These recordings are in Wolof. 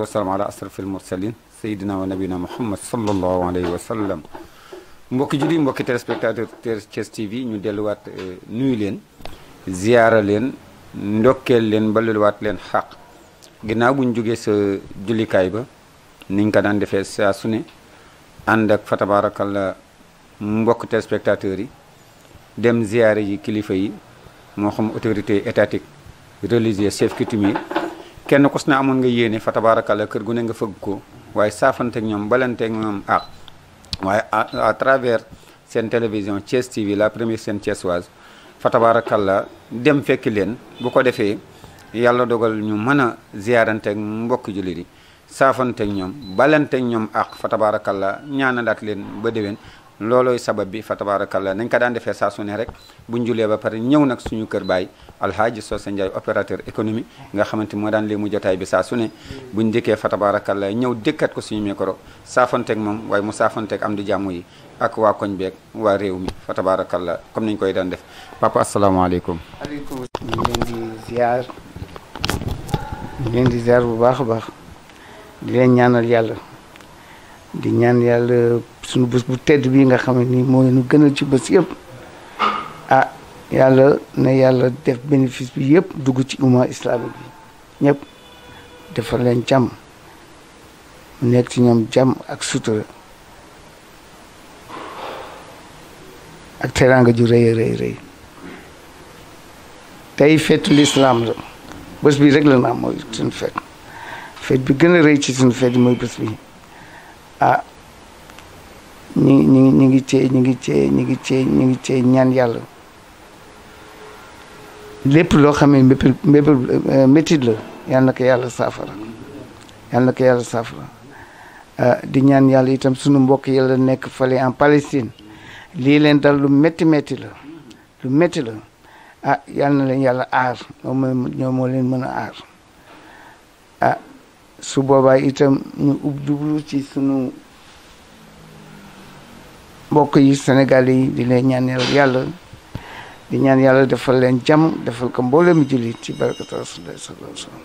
والسلام على asraf al-mursalin sayyidina wa nabina muhammad sallallahu alayhi wa sallam mbokki julli mbokki téléspectateur Thiès TV ñu delluwaat nuyu leen ziyaara leen ndokkeel leen balluwaat leen xaq ginnaaw bu ñu jógee sa jullikaay ba niñ ko daan defee saa su ne ànd ak fa tabaarakalla mbokk téléspectateurs yi dem ziyaara yi kilifa yi moo xam autorité étatique religieux chef coutumier kenn kus si ne amoon nga yéene fa tabaarakalla kër gu ne nga fëgg ko waaye saafanteeg ñoom balanteeg ñoom ah waaye à travers seen télévision Thiès TV la première seen thiessoise fa tabaarakalla dem fekk leen bu ko defee yàlla dogal ñu mën a ziyaaranteeg mbokki jullit yi saafanteeg ñoom balanteeg ñoom ah fa tabaarakalla ñaanalaat leen ba déwén loolooy sabab bi fa tabarakallah nañ ko daan defee saa rek buñ julee ba pare ñëw nag suñu kër baay alhaaji Socé Ndiaye opérateur économie nga xamante moo daan léemu jotaay bi saa su ne buñ dikkee fa tabarakallah ñëw dëkkat ko suñu micro saafanteeg moom waaye mu saafanteeg am di jàmm yi ak waa koñ beeg waa réew mi fa tabarakallah comme nañ koy daan def papa asalaamaaleykum aleykum ñu leen di ziar ñu di ziar bu baax a baax di leen ñaanal yàlla di ñaan yàlla sunu bés bu tedd bii nga xam ni moo leen gënal ci bés yëpp ah yàlla na yàlla def bénéfice bi yëpp dugg ci umma islamique bi ñëpp defar leen jàmm mu nekk ci ñoom jàmm ak sutura ak teraanga ju rëy rëy rëy tey feetu lislaam la bés bi rek la na am mooy suñu feet feet bi gën a rëy ci suñu feet mooy bës bi ah ñi ñi ñi ngi cee ñi ngi cee ñi ngi cee ñi ngi cee ñaan yàlla lépp loo xam ne mbépp mbépp euh, métit la yal na ko yàlla saafara yal na ko yàlla saafara ah, di ñaan yàlla itam sunu mbokk yàlla nekk fale en Palestine lii leen dal lu métti métti la lu métti la ah yal na leen yàlla aar ñoo moo leen mën a aar su boobaa itam ñu ub jublu ci sunu mbokk yi Sénégal yi di leen ñaanal yàlla di ñaan yàlla defal leen jàmm defal ko mboolem jullit ci barkata rasulullah sallallahu alayhi wasallam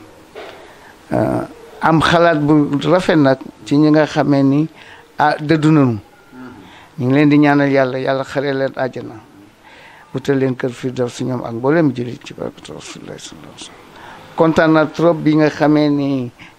euh, am xalaat bu rafet nag ci ñi nga xamee ni ah dëddu nañu ñu ngi leen di ñaanal yàlla yàlla xare leen àjjana wutal leen kër firdaws ñoom ak mboolem jullit ci barkata rasulullah sallallahu alayhi wasallam kontaan na trop bi nga xamee ni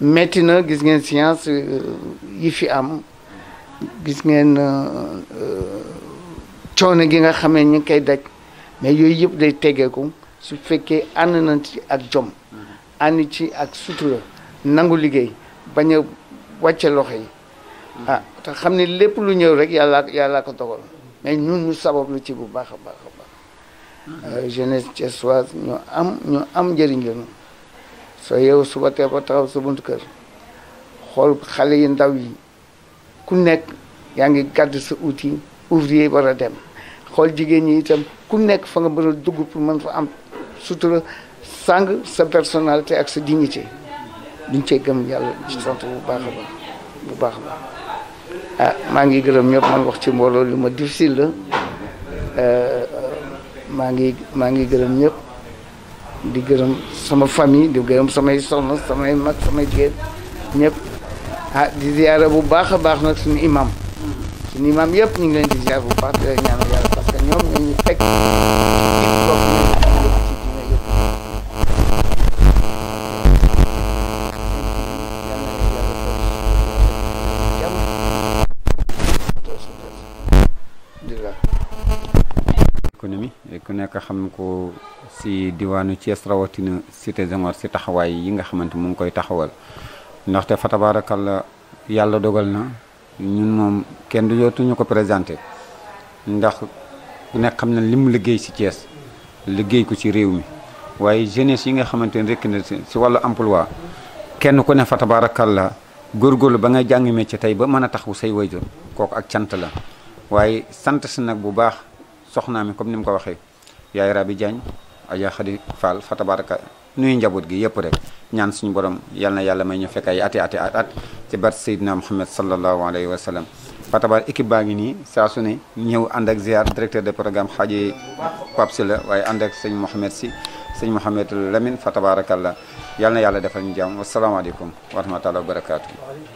metti na gis ngeen science euh, yi fi am gis ngeen euh, euh, coono gi nga xamee ñu ngi koy daj mais yooyu yëpp day teggeeku su fekkee ànd nañ ci ak jom ànd ci ak sutura nangu liggéey bañ a wàcce loxo yi ah te xam ne lépp lu ñëw rek yàlla yàllaa ko dogal mais ñun ñu sabablu ci bu baax a baax a baax jeunesse thiessoise ñu am ñu am njëriñ la soo yeewu suba teel ko taxaw sa buntu kër xool xale yi ndaw yi ku nekk yaa ngi gàdd sa outil ouvrier war a dem xool jigéen ñi itam ku nekk fa nga mën a dugg pour mën fa am sutura sàng sa personnalité ak sa dignité duñ cee gëm yàlla ci sant bu baax a baax bu baax a baax ah, maa ngi gërëm ñëpp man wax ci mbooloo lu ma difficile la eh, maa ngi maa ngi gërëm ñëpp di gërëm sama famille di gërëm samay soxna samay mag samay géer ñëpp ah di ziyaara bu baax a baax nag suñu imam suñu imam yëpp ñu ngi leen di ziyaar bu baax di leen ñaanal yàlla parce que ñoom ñoo ñu fekk ku nekk xam ko si diwaanu cees rawatina si Senghor si taxawaay yi nga xamante mu ngi koy taxawal ndaxte fa la yàlla dogal na ñun moom kenn du yootuñu ko présenté ndax ku nekk xam na li mu liggéey si Thiès liggéey ko si réew mi waaye jeunesse yi nga xamante ne rekk na si wàllu emploi kenn ku ne fa tabaarakalla góorgóorlu ba nga jàngi métier tey ba mën a taxawu say wayjur kook ak cant la waaye sant si nag bu baax soxnaa mi comme ni mu ko waxee yaay Rabi Diagne Adja Khady Fall fa tabaraka nuyu njaboot gi yëpp rek ñaan suñu borom yal na yàlla may ñu fekk ay ati ati at at ci bat Seydina Muhammad sallallahu alayhi wa fa fatabar équipe baa ngi nii saa su ne ñëw ànd ak ziar directeur de programme xaaji Pape si la waaye ànd ak sëñ Mouhamed si sëñ Mouhamed Lamine fa tabarakallah yal na yàlla defal ñu jàmm wasalaamaaleykum wa rahmatulah wa barakaatu.